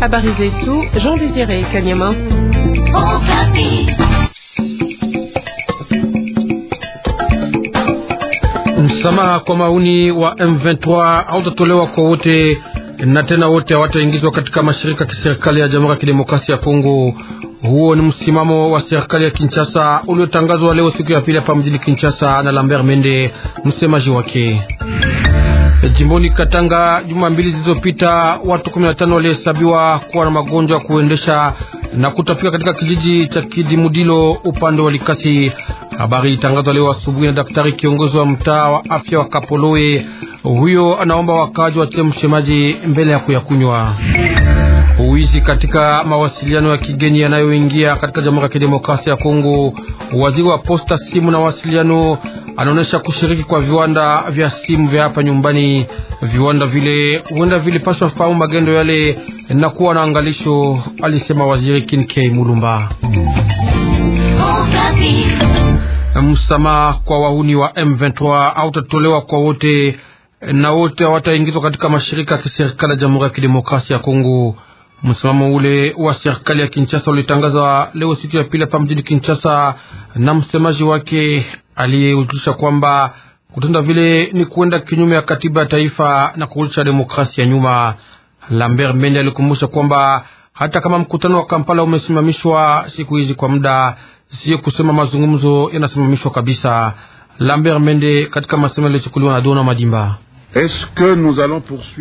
Habari zetu Jean Désiré Kanyama. Msamaha kwa mauni wa M23 hautatolewa kwa wote na tena wote hawataingizwa katika mashirika ya kiserikali ya Jamhuri ya Kidemokrasia ya Kongo. Huo ni msimamo wa serikali ya Kinshasa uliotangazwa leo siku ya pili hapa mjini Kinshasa na Lambert Mende, msemaji wake. Jimboni Katanga, juma mbili zilizopita, watu 15 walihesabiwa kuwa na magonjwa ya kuendesha na kutafika katika kijiji cha Kidimudilo upande wa Likasi. Habari itangazwa leo asubuhi na daktari kiongozi wa mtaa wa afya wa Kapoloe. Huyo anaomba wakaaji watie mshemaji mbele ya kuyakunywa. Uwizi katika mawasiliano ya kigeni yanayoingia katika Jamhuri ya Kidemokrasia ya Kongo. Waziri wa posta, simu na mawasiliano anaonesha kushiriki kwa viwanda vya simu vya hapa nyumbani. Viwanda vile huenda vilipashwa fahamu magendo yale na kuwa na angalisho, alisema waziri Kinkei Mulumba. Msamaha kwa wahuni wa M23 hautatolewa kwa wote na wote hawataingizwa katika mashirika ya kiserikali ya Jamhuri ya Kidemokrasia ya Kongo. Msimamo ule wa serikali ya Kinshasa ulitangaza leo siku ya pili hapa mjini Kinshasa na msemaji wake aliyehujulisha kwamba kutenda vile ni kuenda kinyume ya katiba ya taifa na kurudisha demokrasia nyuma. Lambert Mende alikumbusha kwamba hata kama mkutano wa Kampala umesimamishwa siku hizi kwa muda, sio kusema mazungumzo yanasimamishwa kabisa. Lambert Mende katika masemo yaliyochukuliwa na Dona Madimba.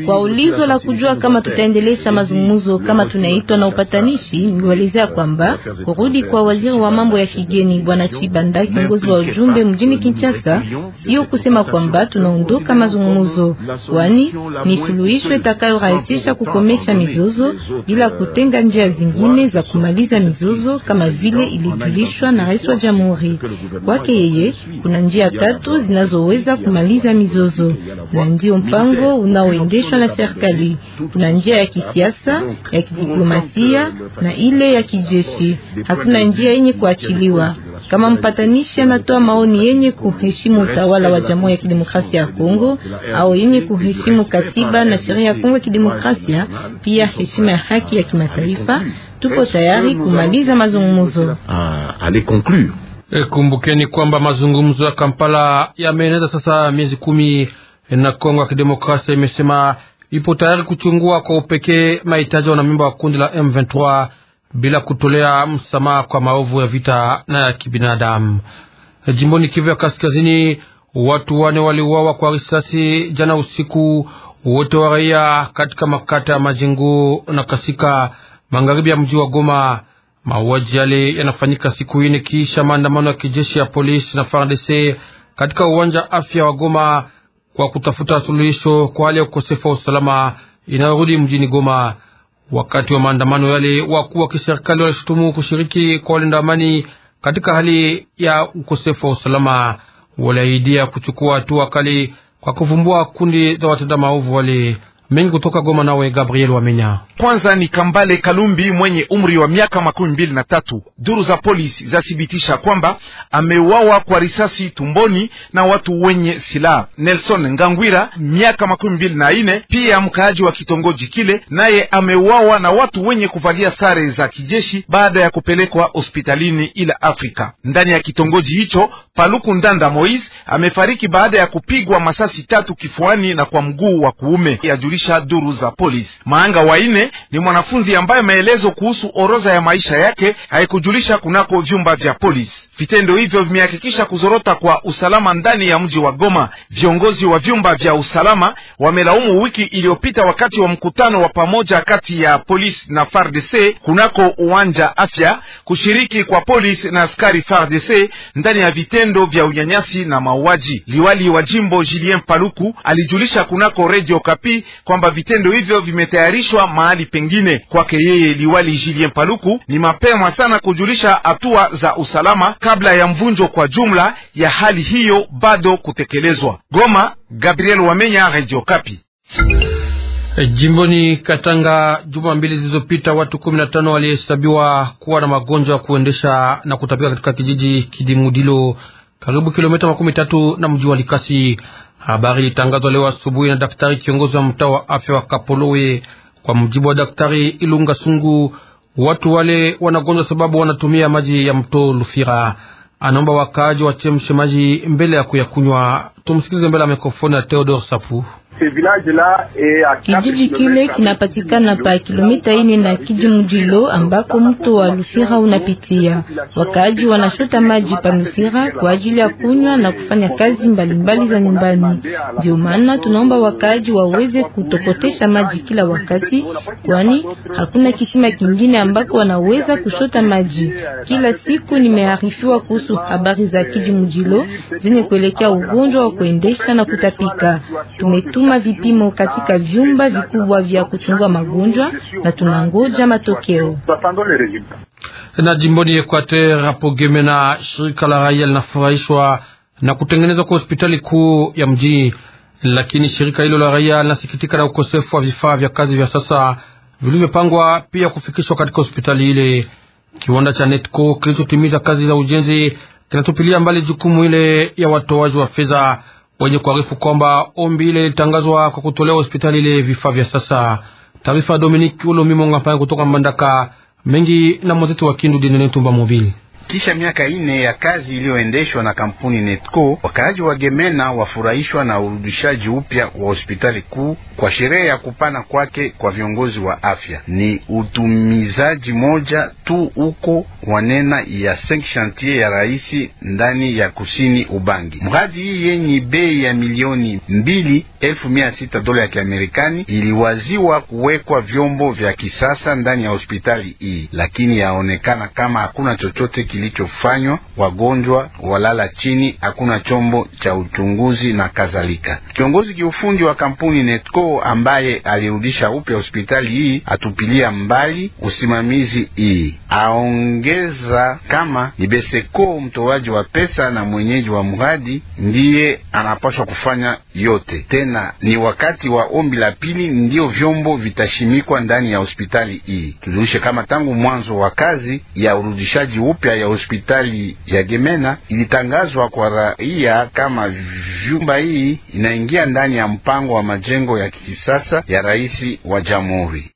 Kwa ulizo la kujua kama tutaendelesha mazungumzo kama tunaitwa na upatanishi, euh, niwaelezea euh, kwamba kurudi kwa waziri wa mambo ya kigeni Bwana Chibanda, kiongozi wa ujumbe mjini Kinshasa, sio kusema kwamba tunaondoka mazungumzo, kwani ni suluhisho itakayorahisisha kukomesha mizozo bila euh, kutenga njia zingine za kumaliza mizozo, kama vile ilijulishwa na rais wa jamhuri. Kwake yeye, kuna njia tatu zinazoweza kumaliza mizozo na ndio mpango unaoendeshwa na serikali. Kuna njia ya kisiasa, ya kidiplomasia na ile ya kijeshi. Hakuna njia yenye kuachiliwa. Kama mpatanishi anatoa maoni yenye kuheshimu utawala wa Jamhuri ya Kidemokrasia ya Kongo au yenye kuheshimu katiba na sheria ya Kongo ya Kidemokrasia, pia heshima ya haki ya kimataifa, tupo tayari kumaliza mazungumzo. Ah, eh, kumbukeni kwamba mazungumzo ya Kampala yameeneza sasa miezi kumi na Kongo ya Kidemokrasia imesema ipo tayari kuchungua kwa upekee mahitaji wanamemba wa kundi la M23 bila kutolea msamaha kwa maovu ya vita na ya kibinadamu. Jimboni Kivu ya Kaskazini, watu wane waliuawa kwa risasi jana usiku, wote wa raia katika makata ya Majingu na Kasika, magharibi ya mji wa Goma. Mauaji yale yanafanyika siku ine kiisha maandamano ya kijeshi ya polisi na FARDC katika uwanja afya wa Goma kwa kutafuta suluhisho kwa hali ya ukosefu wa usalama inayorudi mjini Goma. Wakati wa maandamano yale, wakuu wa kiserikali walishutumu kushiriki kwa walinda amani katika hali ya ukosefu wa usalama. Waliahidia kuchukua hatua kali kwa kuvumbua kundi za watenda maovu wale mengi kutoka Goma, nawe Gabriel Wamenya. Kwanza ni Kambale Kalumbi mwenye umri wa miaka makumi mbili na tatu. Duru za polisi zathibitisha kwamba ameuawa kwa risasi tumboni na watu wenye silaha. Nelson Ngangwira miaka makumi mbili na ine, pia mkaaji wa kitongoji kile, naye ameuawa na watu wenye kuvalia sare za kijeshi baada ya kupelekwa hospitalini ila Afrika ndani ya kitongoji hicho. Paluku Ndanda Moise amefariki baada ya kupigwa masasi tatu kifuani na kwa mguu wa kuume kujulisha duru za polisi. Maanga waine ni mwanafunzi ambaye maelezo kuhusu orodha ya maisha yake haikujulisha kunako vyumba vya polisi. Vitendo hivyo vimehakikisha kuzorota kwa usalama ndani ya mji wa Goma. Viongozi wa vyumba vya usalama wamelaumu wiki iliyopita wakati wa mkutano wa pamoja kati ya polisi na FARDC kunako uwanja afya kushiriki kwa polisi na askari FARDC ndani ya vitendo vya unyanyasi na mauaji. Liwali wa jimbo Julien Paluku alijulisha kunako Radio Kapi kwamba vitendo hivyo vimetayarishwa mahali pengine. Kwake yeye liwali Julien Paluku, ni mapema sana kujulisha hatua za usalama kabla ya mvunjo kwa jumla ya hali hiyo bado kutekelezwa. Goma, Gabriel Wamenya, Radio Kapi. E, jimboni Katanga, juma mbili zilizopita, watu kumi na tano walihesabiwa kuwa na magonjwa ya kuendesha na kutapika katika kijiji Kidimudilo, karibu kilomita makumi tatu na mji wa Likasi. Habari ilitangazwa leo asubuhi na daktari kiongozi wa mtaa wa afya wa Kapolowe. Kwa mjibu wa daktari Ilunga Sungu, watu wale wanagonjwa sababu wanatumia maji ya mto Lufira. Anaomba wakaaji wachemshe maji mbele ya kuyakunywa. Tumsikilize mbele ya mikrofoni ya Theodore Sapu. Kijiji kile kinapatikana pa kilomita ine na Kijimujilo ambako mto wa Lufira unapitia. Wakaaji wanashota maji pa Lufira kwa ajili ya kunywa na kufanya kazi mbalimbali za nyumbani. Ndio maana tunaomba wakaaji waweze kutokotesha maji kila wakati, kwani hakuna kisima kingine ambako wanaweza kushota maji. Kila siku nimearifiwa kuhusu habari za Kijimujilo zenye kuelekea ugonjwa wa kuendesha na kutapika. Tumetuma kutuma vipimo katika vyumba vikubwa vya kuchungua magonjwa na tunangoja matokeo. Na jimboni Equateur hapo Gemena, shirika la raia linafurahishwa na kutengenezwa kwa hospitali kuu ya mji, lakini shirika hilo la raia linasikitika na ukosefu wa vifaa vya kazi vya sasa vilivyopangwa pia kufikishwa katika hospitali ile. Kiwanda cha Netco kilichotimiza kazi za ujenzi kinatupilia mbali jukumu ile ya watoaji wa fedha wenye kuarifu kwamba ombi ile litangazwa kwa kutolea hospitali ile vifaa vya sasa. Taarifa ya Dominique Ulomimonga Mpane kutoka Mbandaka mengi na mwenzetu wa Kindu Dinene Tumba Mobile. Kisha miaka ine ya kazi iliyoendeshwa na kampuni Netco, wakaaji wa Gemena wafurahishwa na urudishaji upya wa hospitali kuu kwa sherehe ya kupana kwake kwa viongozi wa afya. Ni utumizaji moja tu uko wanena ya cinq chantier ya raisi ndani ya kusini Ubangi. Mradi hii yenye bei ya milioni mbili elfu mia sita dola ya Kiamerikani iliwaziwa kuwekwa vyombo vya kisasa ndani ya hospitali hii, lakini yaonekana kama hakuna chochote kili kilichofanywa, wagonjwa walala chini, hakuna chombo cha uchunguzi na kadhalika. Kiongozi kiufundi wa kampuni Netco ambaye alirudisha upya hospitali hii atupilia mbali usimamizi hii, aongeza kama ni mtoaji wa pesa na mwenyeji wa mradi ndiye anapaswa kufanya yote. Tena ni wakati wa ombi la pili ndio vyombo vitashimikwa ndani ya hospitali hii. Tujulishe kama tangu mwanzo wa kazi ya urudishaji upya ya hospitali ya Gemena ilitangazwa kwa raia kama jumba hii inaingia ndani ya mpango wa majengo ya kisasa ya rais wa jamhuri.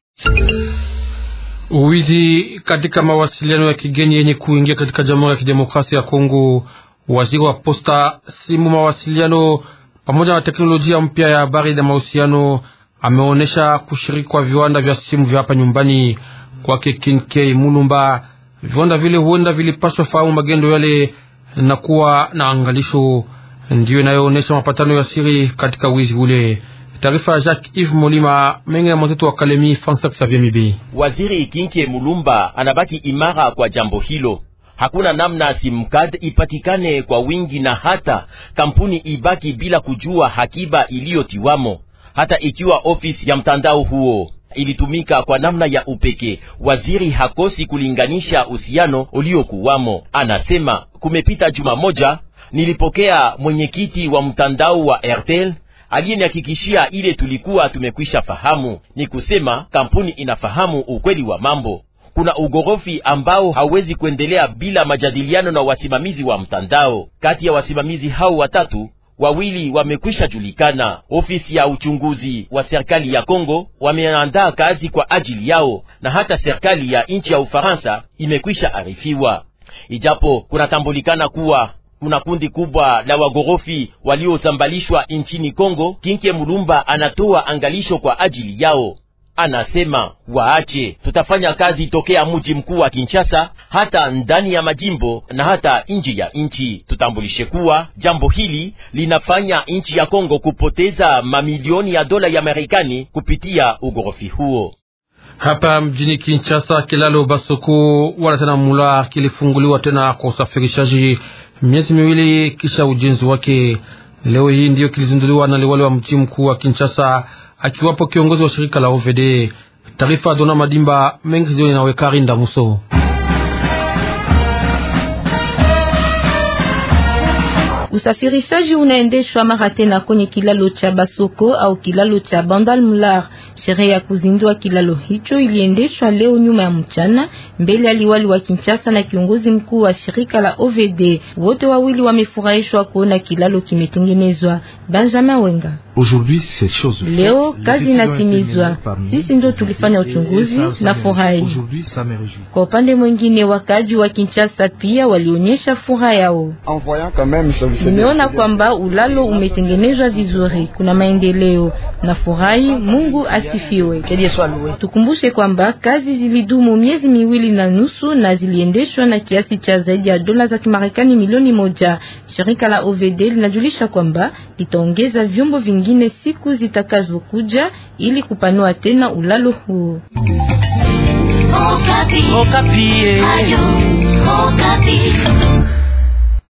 Uwizi katika mawasiliano ya kigeni yenye kuingia katika Jamhuri ya Kidemokrasia ya Kongo, waziri wa posta, simu, mawasiliano pamoja na teknolojia mpya ya habari na mahusiano ameonyesha kushiriki kwa viwanda vya simu vya hapa nyumbani kwake Kinkei Mulumba viwanda vile huenda vilipaswa fahamu magendo yale na kuwa na angalisho, ndiyo inayoonyesha mapatano ya siri katika wizi ule. Taarifa ya Jacques Yves Molima mengi ya mwenzetu wa Kalemi Fransa Xavier Mibi. Waziri Ikinkie Mulumba anabaki imara kwa jambo hilo. Hakuna namna simkad ipatikane kwa wingi na hata kampuni ibaki bila kujua hakiba iliyotiwamo, hata ikiwa ofisi ya mtandao huo ilitumika kwa namna ya upekee. Waziri hakosi kulinganisha uhusiano uliokuwamo. Anasema kumepita juma moja, nilipokea mwenyekiti wa mtandao wa Airtel aliyenihakikishia ile tulikuwa tumekwisha fahamu. Ni kusema kampuni inafahamu ukweli wa mambo. Kuna ugorofi ambao hauwezi kuendelea bila majadiliano na wasimamizi wa mtandao. Kati ya wasimamizi hao watatu wawili wamekwisha julikana. Ofisi ya uchunguzi wa serikali ya Kongo wameandaa kazi kwa ajili yao, na hata serikali ya nchi ya Ufaransa imekwisha arifiwa, ijapo kunatambulikana kuwa kuna kundi kubwa la wagorofi waliozambalishwa nchini Kongo. Kinke Mulumba anatoa angalisho kwa ajili yao anasema waache, tutafanya kazi tokea mji mkuu wa Kinshasa hata ndani ya majimbo na hata nje ya nchi. Tutambulishe kuwa jambo hili linafanya nchi ya Kongo kupoteza mamilioni ya dola ya Marekani kupitia ugorofi huo. Hapa mjini Kinshasa, kilalo Basoko wala tena Mular kilifunguliwa tena kwa usafirishaji miezi miwili kisha ujenzi wake. Leo hii ndiyo kilizinduliwa na liwali wa mji mkuu wa Kinshasa akiwapo kiongozi wa shirika la OVD. Taarifa Dona Madimba mengi zioni na Wekari Ndamuso. Usafirishaji unaendeshwa mara tena kwenye kilalo cha Basoko au kilalo cha Bandal Mular Sherehe ya kuzindua kilalo hicho iliendeshwa leo nyuma ya mchana mbele ya liwali wa Kinshasa na kiongozi mkuu wa shirika la OVD. Wote wawili wamefurahishwa kuona kilalo kimetengenezwa. Benjamin Wenga Leo kazi inatimizwa, sisi ndio tulifanya uchunguzi na furaha. Kwa upande mwingine, wakaji wa Kinshasa pia walionyesha furaha yao. Nimeona kwamba ulalo umetengenezwa vizuri, kuna maendeleo na furahi. Mungu asi asifiwe. Tukumbushe kwamba kazi zilidumu miezi miwili na nusu na ziliendeshwa na kiasi cha zaidi ya dola za Kimarekani milioni moja. Shirika la OVD linajulisha kwamba litaongeza vyombo vingine siku zitakazokuja ili kupanua tena ulalo huu. Okapi. Okapi. Ayo, Okapi.